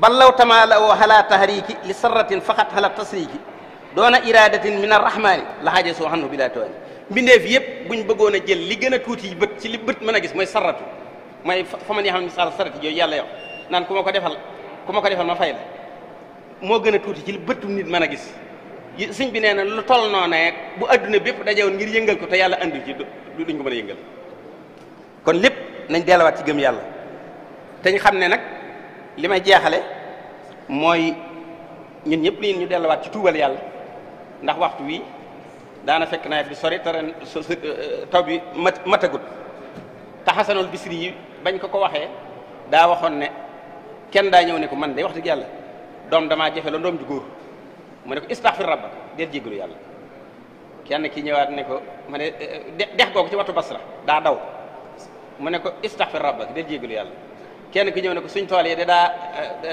بل لو تمالأوا على تهريك لسرة فقط على التسريك دون إرادة من الرحمن لحاجزوا عنه بلا تواني mbindeef yëpp buñ bëggoon a jël li gën a tuuti yi bët ci li bët mën a gis mooy sarratu mooy fa ma ni xam ne misaal sarratu yooyu yàlla yow naan ku ma ko defal ku ma ko defal ma fay la moo gën a tuuti ci li bëttum nit mën a gis sëñ bi nee na lu toll noonu bu adduna bépp dajewoon ngir yëngal ko te yàlla andi ci du duñ ko mën a yëngal kon lépp nañ delluwaat ci gëm yàlla te ñu xam ne nag li may jeexale mooy ñun ñëpp li ñu delluwaat ci tuubal yàlla ndax waxtu wi daana fekk nawet bi sori teren euh, taw bi matagut te xasanul bisri yi bañ ko ko waxee daa waxoon ne kenn daa ñëw ne ko man de wax dëgg yàlla doom damaa jafe la doom ju mu ne ko istaxfir rabba del jéggalu yàlla kenn ki ñëwaat ne ko ma ne euh, dex googu ci watu basra daa daw mu ne ko istaxfir rabba del jéggalu yàlla كان كي نيو نكو سوني تول يي دا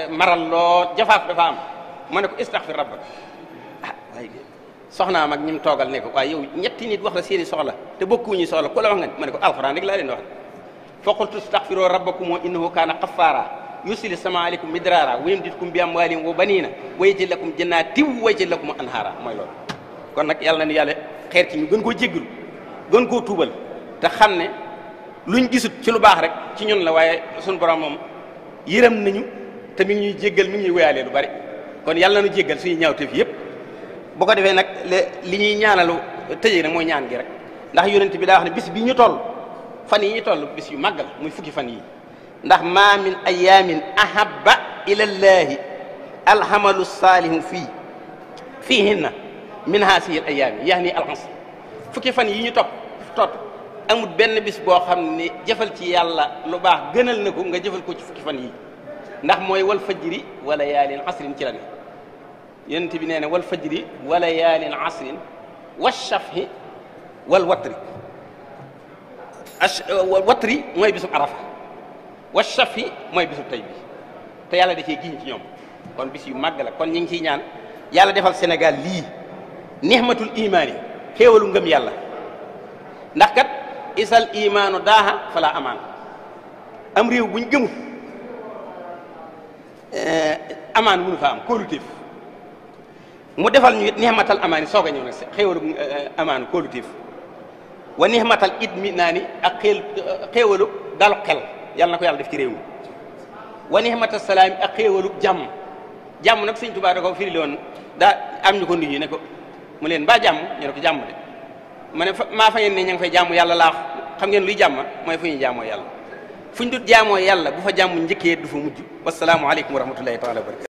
مارال لو جفاف دا فام مانكو استغفر ربك واي سخنا ماك نيم توغال نيكو واي يو نيتي نيت واخ لا سيني سوخلا تي بوكو ني سوخلا كولا واخ مانكو القران ديك لا لين واخ فقل تستغفروا ربكم انه كان غفارا يسل السماء عليكم مدرارا ويمددكم باموال وبنين ويجعل لكم جنات ويجعل لكم انهارا موي لول كون نك يالنا ني يالا خير تي ني غن كو جيغلو غن كو توبال تا خامني luñ gisut ci lu baax rek ci ñun la waye suñu borom mom yërëm nañu te mi ñuy jéggal mi ñuy wéyalé lu bari kon yàlla nañu jéggal suñu ñaawteef yëpp bu ko défé nak li ñuy ñaanalu tëjee nag moy ñaan gi rek ndax yoonent bi da wax ni bis bi ñu toll fan yi ñu toll bis yu magal muy fukki fan yi ndax ma min ayamin ahabba ila allah alhamalu salih fi fihinna min haasihi al ayaami yaani al asr fukki fan yi ñu top top amul benn bis boo xam ne jëfal ci yàlla lu baax gënal na ko nga jëfal ko ci fukki fan yi ndax mooy wal fajri wala yaalin asrin ci la ne yonent bi nee na wal fajri wala yaalin asrin washafhi wal watri as watri mooy bisub arafa washafhi mooy bisub tey bi te yàlla da cee giñ ci ñoom kon bis yu màgg la kon ñu ngi ciy ñaan yàlla defal Sénégal lii nihmatul imaani xéewalu ngëm yàlla ndax kat. isal imaanu daaha fala amaan am réew buñ gëmul eh, amaan mënu fa am kóoluteef mu defal ñu it matal amaani soog a ñëw nag eh, xéewalu amaanu kóoluteef wa nixmatal it mi naa ni ak xeel xéewalu dalu xel yàlla na ko yàlla def ci réew mi wa nixmatal salaami ak xéewalu jàmm jàmm nag sëñ Tuubaa da ko firi woon daa am ñu ko nit ñi ne ko mu leen mbaa jàmm ñu ne ko de ma ne fa maa fa ngeen ne ña ngi fay jaamu yàlla laa xam ngeen luy jàmm mooy fu ñuy jaamoo yàlla fu ñu dut jaamoo yàlla bu fa jàmm njëkkee du fa mujj wasalaamualeykum wa rahmatullahi taala wa barakatu